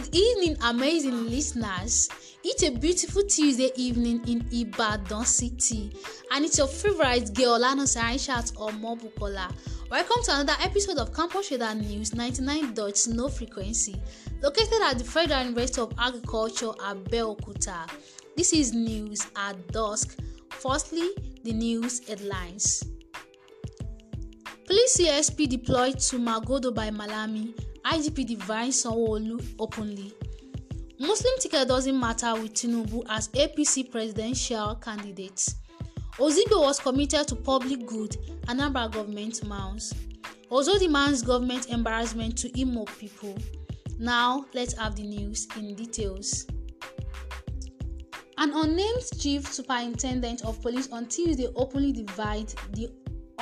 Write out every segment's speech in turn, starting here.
Good evening, amazing listeners. It's a beautiful Tuesday evening in Ibadan City, and it's your favorite girl, Lanos Aishat or Mobukola. Welcome to another episode of Campus Radar News 99.no frequency, located at the Federal University of Agriculture, at Abeokuta. This is news at dusk. Firstly, the news headlines. Police CSP deployed to Magodo by Malami IGP divides Sanwo-Olu openly. Muslim ticket doesn't matter with Tinubu as APC presidential candidate. Ozibo was committed to public good, Anambra government mounts. Also demands government embarrassment to Imo people. Now let's have the news in details. An unnamed chief superintendent of police on Tuesday openly divided the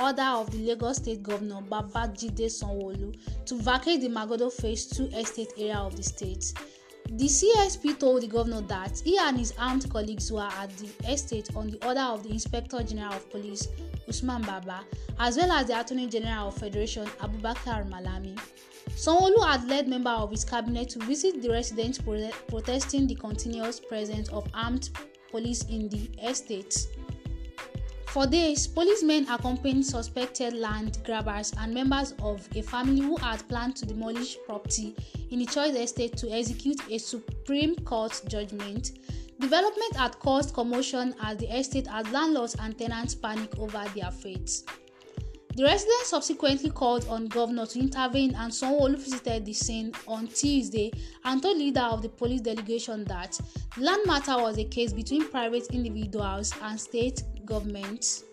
order of the Lagos State Governor Babajide Sanwo-Olu to vacate the Magodo Phase Two estate area of the state. The CSP told the governor that he and his armed colleagues were at the estate on the order of the Inspector General of Police Usman Baba as well as the Attorney General of Federation Abubakar Malami. Sanwo-Olu had led members of his cabinet to visit the residents protesting the continuous presence of armed police in the estate. For this, policemen accompanied suspected land grabbers and members of a family who had planned to demolish property in the Choice Estate to execute a Supreme Court judgment. Development had caused commotion as the estate as landlords and tenants panic over their fate. The residents subsequently called on governor to intervene and Sonwolu visited the scene on Tuesday and told leader of the police delegation that the land matter was a case between private individuals and state governments.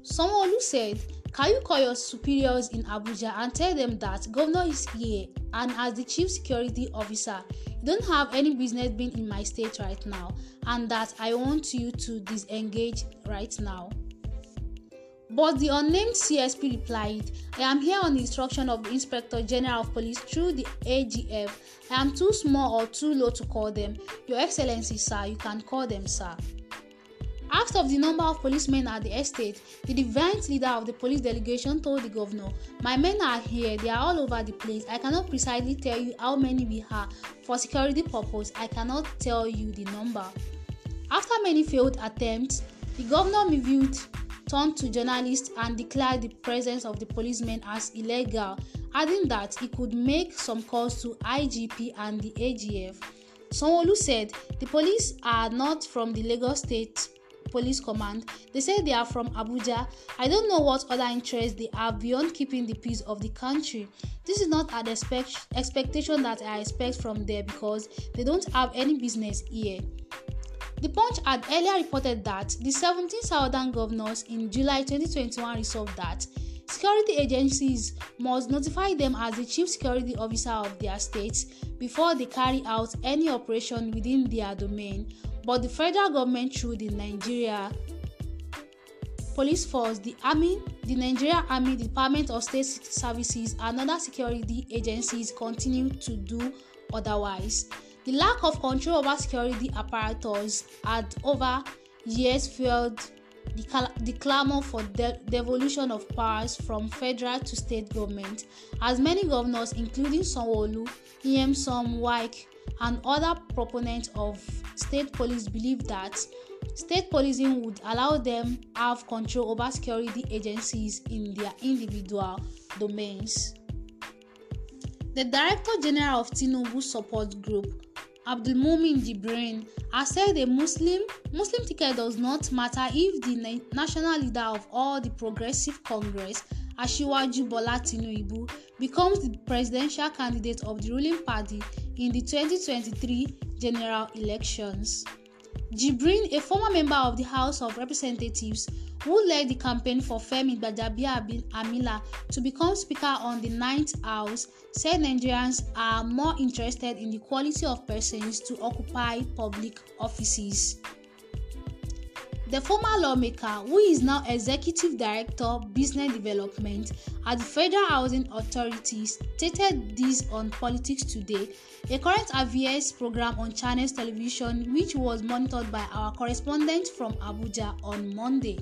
Sonwolu said, Can you call your superiors in Abuja and tell them that governor is here and as the chief security officer, you don't have any business being in my state right now and that I want you to disengage right now. But the unnamed CSP replied, I am here on the instruction of the Inspector General of Police through the AGF. I am too small or too low to call them. Your Excellency, sir, you can call them, sir. Asked of the number of policemen at the estate, the defence leader of the police delegation told the governor, My men are here, they are all over the place. I cannot precisely tell you how many we have. For security purpose, I cannot tell you the number. After many failed attempts, the governor reviewed turned to journalists and declared the presence of the policemen as illegal, adding that he could make some calls to IGP and the AGF. Sonwolu said the police are not from the Lagos State Police Command. They say they are from Abuja. I don't know what other interests they have beyond keeping the peace of the country. This is not an expect- expectation that I expect from them because they don't have any business here. The Punch had earlier reported that the 17 southern governors in July 2021 resolved that security agencies must notify them as the chief security officer of their states before they carry out any operation within their domain, but the federal government through the Nigeria Police Force, the Army, the Nigeria Army, Department of State Services, and other security agencies continue to do otherwise. The lack of control over security apparatus had over years fueled the, cal- the clamor for de- devolution of powers from federal to state government, as many governors, including Sanwo-Olu, E.M. Som, Wike, and other proponents of state police believed that state policing would allow them have control over security agencies in their individual domains. The Director General of Tinubu Support Group, Abdulmumin Jibrin has said a Muslim Muslim ticket does not matter if the national leader of all the Progressive Congress, Ashiwaju Bola Tinubu, becomes the presidential candidate of the ruling party in the 2023 general elections. Jibrin, a former member of the House of Representatives who led the campaign for Femi Gbajabiamila Amila to become Speaker on the Ninth House, said Nigerians are more interested in the quality of persons to occupy public offices. The former lawmaker, who is now Executive Director Business Development at the Federal Housing Authority, stated this on Politics Today, a current affairs program on Channels Television, which was monitored by our correspondent from Abuja on Monday.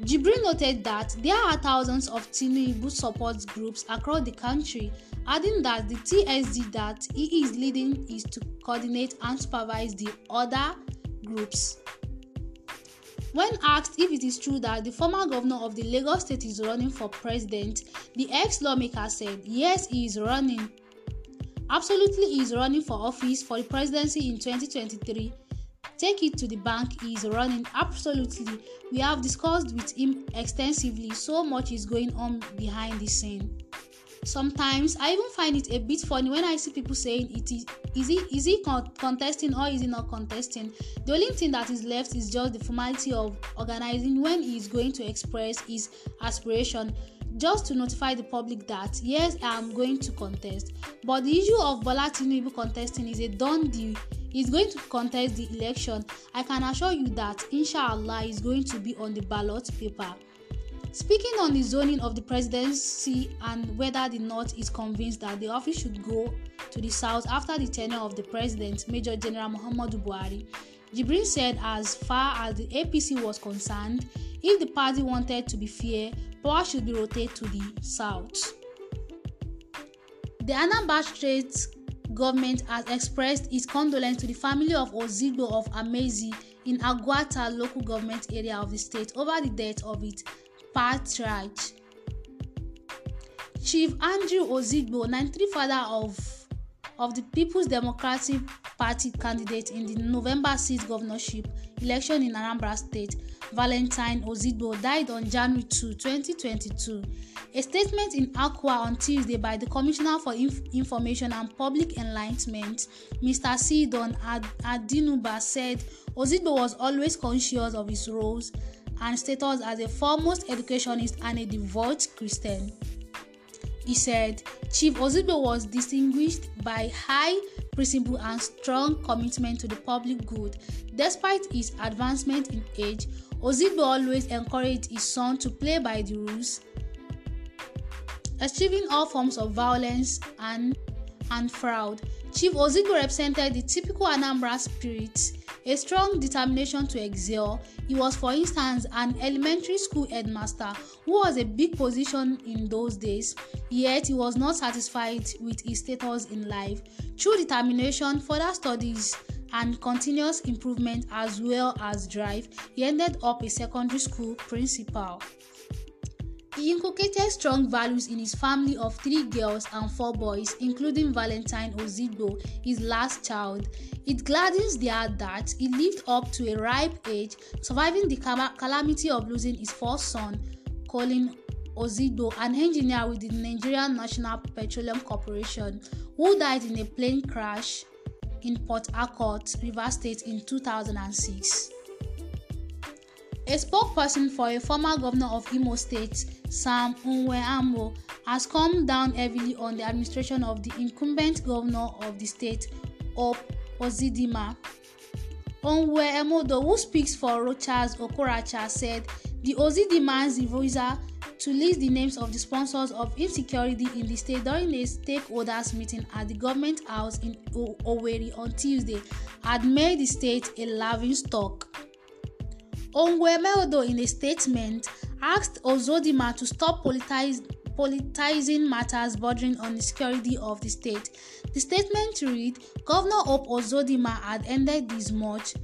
Jibril noted that there are thousands of Tinubu support groups across the country, adding that the TSD that he is leading is to coordinate and supervise the other groups. When asked if it is true that the former governor of the Lagos state is running for president, the ex lawmaker said, Yes, he is running. Absolutely, he is running for office for the presidency in 2023. Take it to the bank, he is running. Absolutely, we have discussed with him extensively, so much is going on behind the scenes." Sometimes I even find it a bit funny when I see people saying it is is he is he con- contesting or is he not contesting. The only thing that is left is just the formality of organizing when he is going to express his aspiration just to notify the public that yes I am going to contest. But the issue of Bola Tinubu contesting is a done deal is going to contest the election, I can assure you that inshallah is going to be on the ballot paper. Speaking on the zoning of the presidency and whether the North is convinced that the office should go to the South after the tenure of the president, Major General Muhammadu Buhari, Jibrin said as far as the APC was concerned, if the party wanted to be fair, power should be rotated to the South. The Anambra State government has expressed its condolence to the family of Ozigbo of Amezi in Aguata local government area of the state over the death of its path Chief Andrew Ozigbo, 93 father of, of the People's Democratic Party candidate in the November six governorship election in Anambra State, Valentine Ozigbo, died on January two, twenty twenty two. A statement in Akwa on Tuesday by the Commissioner for Inf- Information and Public Enlightenment, Mr. Sidon Ad- Adinuba, said Ozigbo was always conscious of his roles and status as a foremost educationist and a devout Christian. He said, Chief Ozibo was distinguished by high principle and strong commitment to the public good. Despite his advancement in age, Ozibo always encouraged his son to play by the rules, achieving all forms of violence and, and fraud. Chief Ozibo represented the typical Anambra spirit a strong determination to excel. He was, for instance, an elementary school headmaster who was a big position in those days, yet he was not satisfied with his status in life. Through determination, further studies, and continuous improvement as well as drive, he ended up a secondary school principal. He inculcated strong values in his family of three girls and four boys, including Valentine Ozido, his last child. It gladdens the heart that he lived up to a ripe age, surviving the calamity of losing his first son, Colin Ozido, an engineer with the Nigerian National Petroleum Corporation, who died in a plane crash in Port Harcourt, River State in 2006. A spokesperson for a former governor of Imo State, Sam Nwe-Amo, has come down heavily on the administration of the incumbent governor of the state, Op Ozidima. Onwe-Emodo, who speaks for Rochas Okoracha, said the OZ demands the Voiza to list the names of the sponsors of insecurity in the state during a stakeholders meeting at the government house in o- Owerri on Tuesday had made the state a laughing stock. Onwemeodo, in a statement, asked Ozodima to stop politize, politicizing matters bordering on the security of the state. The statement read Governor Hope Ozodima had ended this much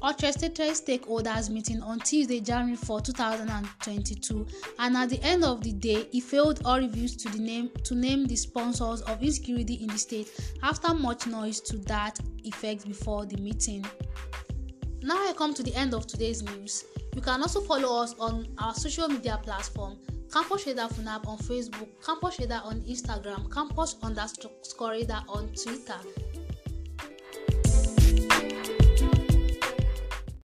orchestrated stakeholders meeting on Tuesday, January 4, 2022, and at the end of the day, he failed all reviews to the name to name the sponsors of insecurity in the state after much noise to that effect before the meeting. Now I come to the end of today's news. You can also follow us on our social media platform Campus Radar Funab on Facebook, Campus Radar on Instagram, Campus underscore Radar on Twitter.